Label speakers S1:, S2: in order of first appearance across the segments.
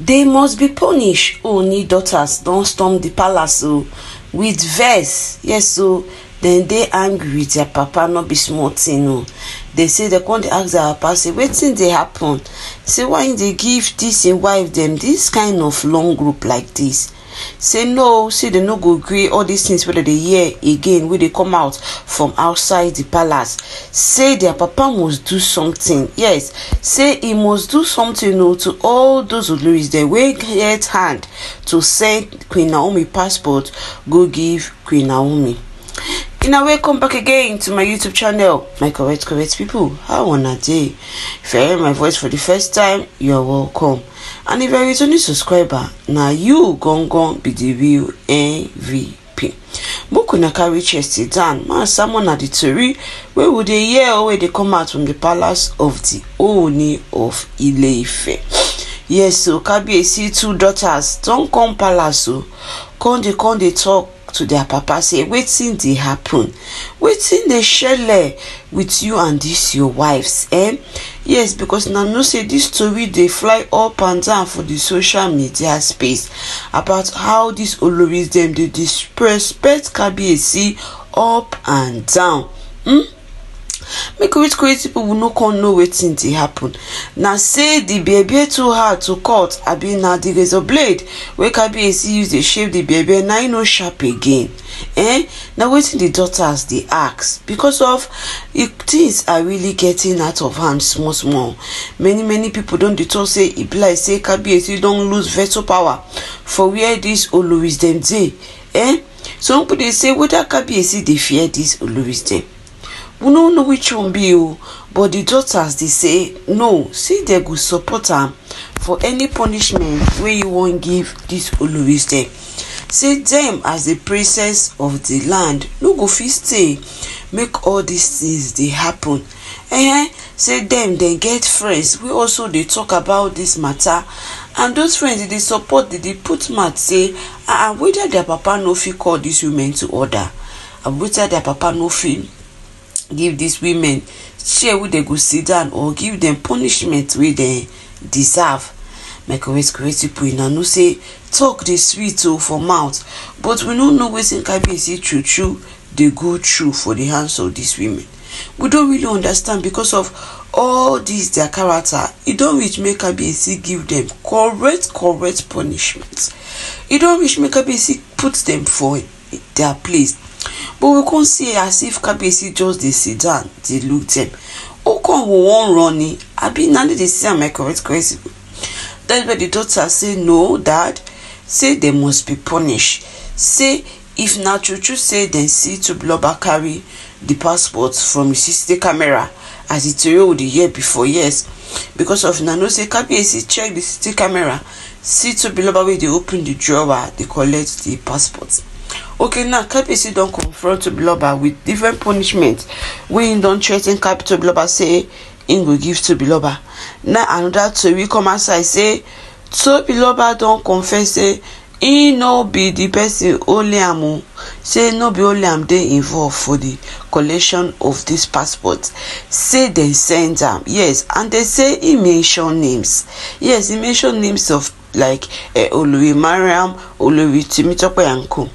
S1: they must be punished Oh, oni daughters don't storm the palace oh, with verse, yes o oh, dem dey angry with their papa not be small thing o dey say they can't ask their papa say wetin they happen say why they give this im wife them this kind of long group like this say no say dem no go gree all these things. wey they dey hear again wey dey come out from outside the palace say their papa must do something yes say he must do something o to all those oloris dem wey get hand to send queen naomi passport go give queen naomi una welcome back again to my youtube channel my correct correct people how on a day if you hear my voice for the first time you're welcome and if you're a returning subscriber now you gon gon be the real mvp book na carry chest down man someone at the tori where would they hear or where they come out from the palace of the Ooni of Ile-Ife yes o so, see two daughters don't come palace so. come dey come dey talk to their papa say wetin dey happen wetin dey shele with you and dis your wives eh yes because na know say this story dey fly up and down for the social media space about how dis oloris dem dey disrespect kabiyesi up and down. Hmm? make create create pipo no come know wetin dey happen na say di bearbie too hard to cut abi na di razor blade wey kabiyesi use dey shave the bearbie na e no sharp again eh na wetin di daughters dey ask because of if things are really getting out of hand small small many many people don dey talk say e be like say kabiyesi don lose veto power for where this oloris dem dey eh some people dey say whether kabiyesi dey fear dis oloris dem we no know which one be o but the daughters dey say no say dem go support am for any punishment wey you wan give dis oloris dem say dem as the princess of the land no go fit stay make all these things dey happen Eh? say dem dem get friends wey also dey talk about this matter, and those friends dey support dey dey put mouth say ah, ah whether their papa no fit call dis women to order and whether their papa no fit give these women chair wey they go sit down or give them punishment wey they deserve my correct correct pipo una know say talk dey sweet o oh for mouth but we no know wetin kabiyesi true true dey go true for the hands of these women we don really understand because of all this their character e don reach make kabiyesi give them correct correct punishment e don reach make kabiyesi put them for their place but we come see as if kabiyesi just dey sit down dey look dem ó come wò wọ́n run ni àbí na dey dey see am my correct correct that's why the daughter say no dad say they must be punished say if na true true say dem see tubloba carry the passport from cctv camera as di tori of di year before yes because of na know say kbsc check the cctv camera see tubloba wey dey open the drawer dey collect the passport okay now kbc don't confront tobiloba with different punishment wey don't threaten capital ten say im will give tobiloba now another anoda we come as I say tobiloba don't confess say im no be the person only am say no be only am dey involved for the collection of dis passport say they send am yes and they say he mention names yes he mention names of like uh, eh, olori mariam olori temitope and co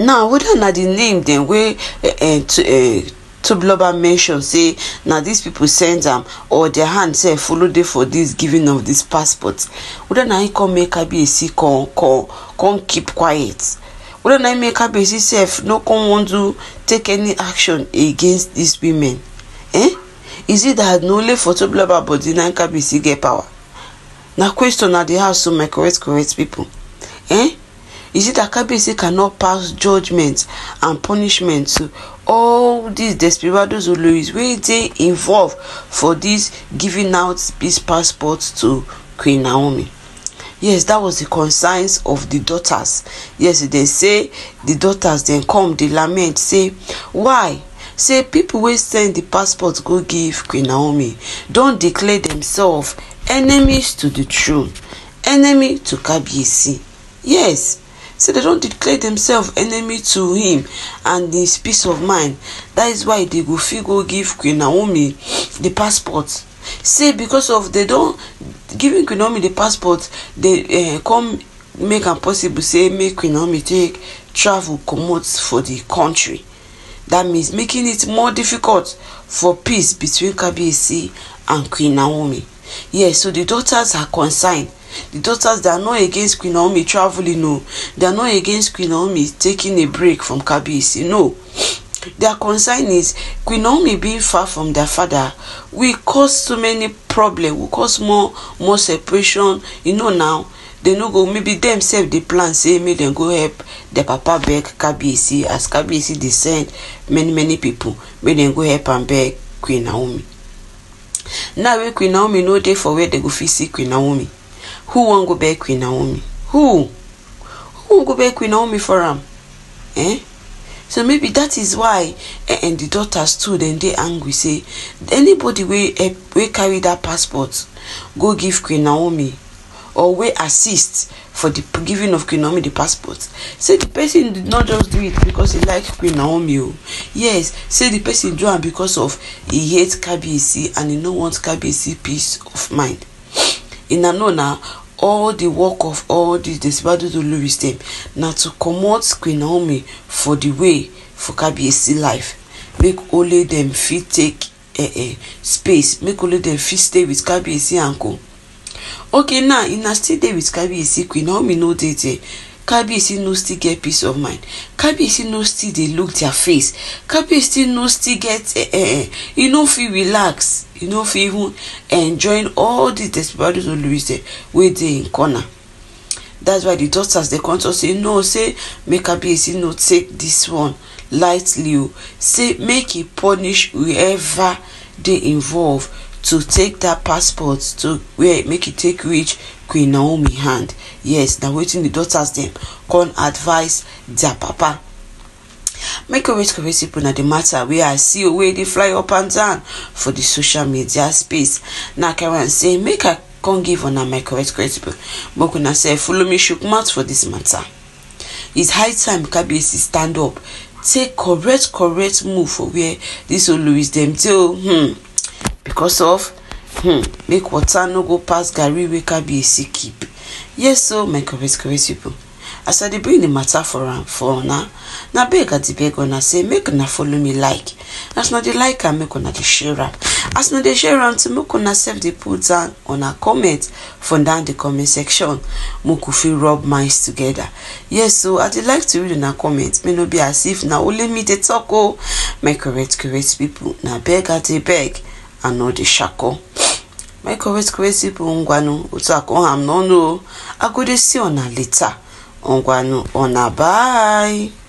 S1: now whether na the name dem wey uh, uh, tobloba mention say na these people send am or their hand sef follow dey for this giving of this passport whether na im come make kabiyesi come come come keep quiet whether na im make kabiyesi sef no come wan do take any action against these women eh is it that na only for tobloba body na kabiyesi get power na question i the house so my correct correct people? eh Is it that Kabiyesi cannot pass judgment and punishment to all these desperados Oloris wey dey involved for this giving out peace passport to Queen Naomi? yes that was the concerns of the daughters yes they say the daughters dem come dey lament say why say people wey send the passport go give Queen Naomi don declare themselves enemies to the throne enemy to Kabiyesi yes So they don't declare themselves enemy to him and his peace of mind. That is why they go fit go give Queen Naomi the passport. See, because of they don't giving Queen Naomi the passport, they uh, come make am possible say make Queen Naomi take travel comot for the country. That means making it more difficult for peace between Kabiyesi and Queen Naomi. Yes, yeah, so the daughters are concerned The daughters, they are not against Queen Naomi traveling, no. They are not against Queen Naomi taking a break from Kabisi, no. Their concern is Queen Naomi being far from their father will cause so many problems, will cause more more separation. You know now, they no go maybe them themselves they plan say make them go help their papa beg Kabiyesi as Kabiyesi dey send many many people make them go help am beg Queen Naomi. Now wey Queen Naomi no dey for where they go fit see Queen Naomi. Who won't go back with Naomi? Who? Who won't go back with Naomi for him? Eh? So maybe that is why eh? and the daughter stood and they angry say anybody we eh, we carry that passport go give Queen Naomi or we assist for the giving of Queen Naomi the passport. Say the person did not just do it because he liked Queen Naomi. Oh. Yes, say the person do it because of he hates KBC and he no wants KBC peace of mind. In Anona, all the work of all di desibadodo lorries them. Now to comot queen naomi for the way for kabiyesi life make only them fit take uh, uh, space make only them fit stay with kabiyesi and okay now if na still dey with kabiyesi queen naomi no dey there kabiyesi no still get peace of mind kabiyesi no still they look their face kabiyesi no still get uh, uh, e no feel relax you no fit even enjoying all the desperados olulise wey dey im corner that's why the daughters dey come talk say no say make kabiyesi no take this one lightly o say make e punish whoever dey involved to take that passport to where make e take reach queen naomi hand yes na wetin the daughters dem come advise their papa make you wait correct pipo na the matter wey i see wey dey fly up and down for the social media space na karen say make i come give una my correct correct pipo make una sef follow me chook mouth for this matter its high time kabiyesi stand up take correct correct move for where dis oloris dem dey o oh, hmm. because of hmm make water no go pass garri wey kabiyesi keep yes o oh, my correct correct pipo as i dey bring the matter for am uh, for una na beg i dey beg una say make una follow me like as una dey like am make una dey share am as una dey share am too make una sef dey put down una comment for down the comment section make we fit rub minds together yes so i dey like to read una comment may no be as if na only me dey talk o oh. my correct correct pipo na beg i dey beg i no dey shako. my correct correct people ngwanu otu i come am n'ọnụ o i go dey see una later on quoi nous on a bye